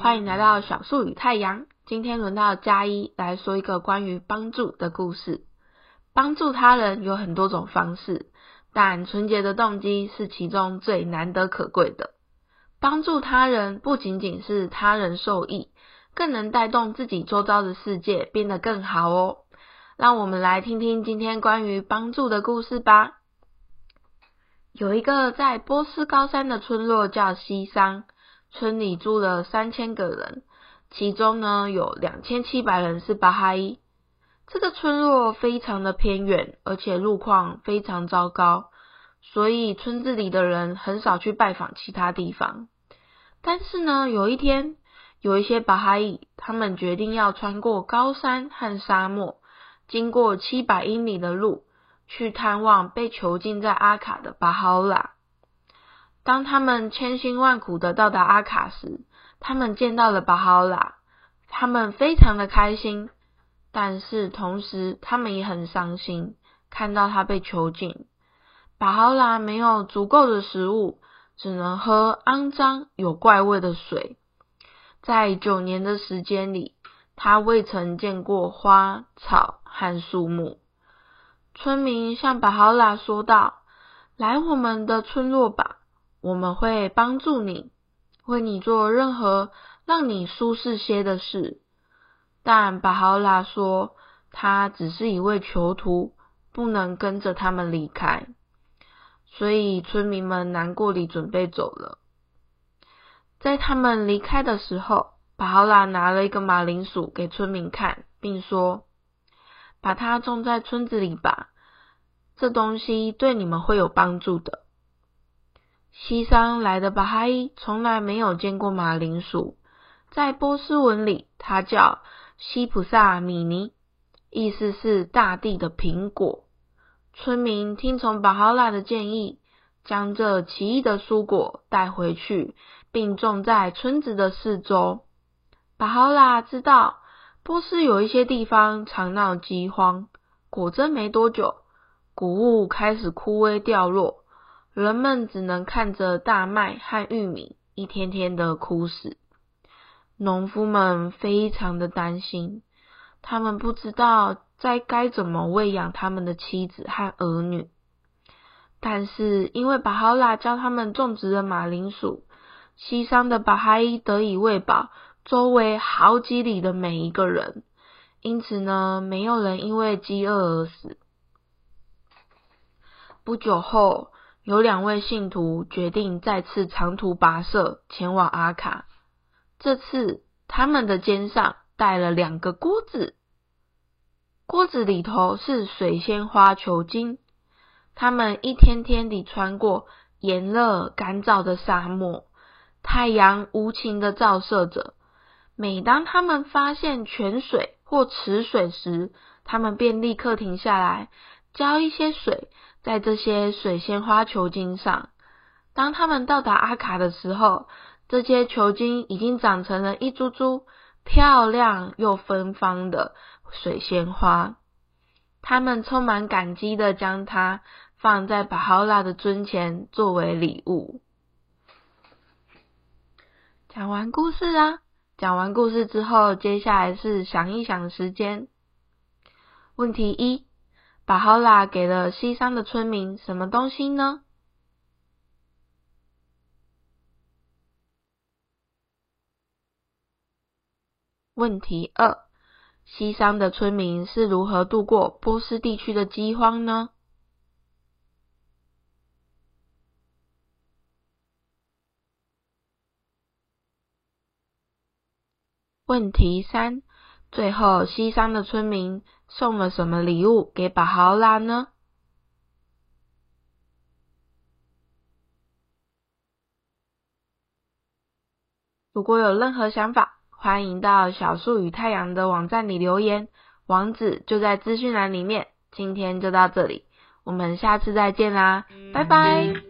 歡迎來到小樹與太陽。今天輪到嘉一來說一個關於幫助的故事。幫助他人有很多種方式，但純潔的動機是其中最難得可貴的。幫助他人不僅僅是他人受益，更能帶動自己周遭的世界變得更好哦。讓我們來聽聽今天關於幫助的故事吧。有一個在波斯高山的村落叫西桑。村裡住了三千個人，其中呢有兩千七百人是巴哈伊。這個村落非常的偏遠，而且路況非常糟糕，所以村子裡的人很少去拜訪其他地方。但是呢，有一天有一些巴哈伊，他們決定要穿過高山和沙漠，經過七百英里的路，去探望被囚禁在阿卡的巴哈歐拉。當他們千辛萬苦的到達阿卡時，他們見到了巴哈歐拉，他們非常的開心，但是同時他們也很傷心，看到他被囚禁。巴哈歐拉沒有足夠的食物，只能喝骯髒有怪味的水。在九年的時間裡，他未曾見過花草和樹木。村民向巴哈歐拉說道：“來我們的村落吧。”我們會幫助你，為你做任何讓你舒適些的事。但巴哈歐拉說，他只是一位囚徒，不能跟着他們離開。所以村民們難過地準備走了。在他們離開的時候，巴哈歐拉拿了一個馬鈴薯給村民看，並說：“把它種在村子裡吧，這東西對你們會有幫助的。”西桑來的巴哈伊從來沒有見過馬鈴薯，在波斯文裡，它叫西普薩米尼，意思是大地的蘋果。村民聽從巴哈拉的建議，將這奇異的蔬果帶回去，並種在村子的四周。巴哈拉知道波斯有一些地方常鬧饑荒，果真沒多久，穀物開始枯萎掉落。人們只能看着大麥和玉米一天天的枯死，農夫們非常的擔心，他們不知道在該怎麼餵養他們的妻子和兒女。但是因為巴哈歐拉教他們種植的馬鈴薯，西桑的巴哈伊得以餵飽周圍好幾里的每一個人，因此呢，沒有人因為飢餓而死。不久後。有兩位信徒決定再次長途跋涉前往阿卡。這次，他們的肩上帶了兩個鍋子，鍋子裡頭是水仙花球莖。他們一天天地穿過炎熱乾燥的沙漠，太陽無情地照射着。每當他們發現泉水或池水時，他們便立刻停下來。澆一些水在這些水仙花球莖上。當他們到達阿卡的時候，這些球莖已經長成了一株株漂亮又芬芳的水仙花。他們充滿感激的將它放在巴哈歐拉的尊前作為禮物。講完故事啊，講完故事之後，接下來是想一想時間。問題一。巴哈歐拉給了西桑的村民，什麼東西呢？問題二：西桑的村民是如何度過波斯地區的饑荒呢？問題三。最後，西桑的村民送了什麼禮物給巴哈歐拉呢？如果有任何想法，歡迎到小樹與太陽的網站裡留言，網址就在資訊欄裡面。今天就到這裡，我們下次再見啦，嗯、拜拜。嗯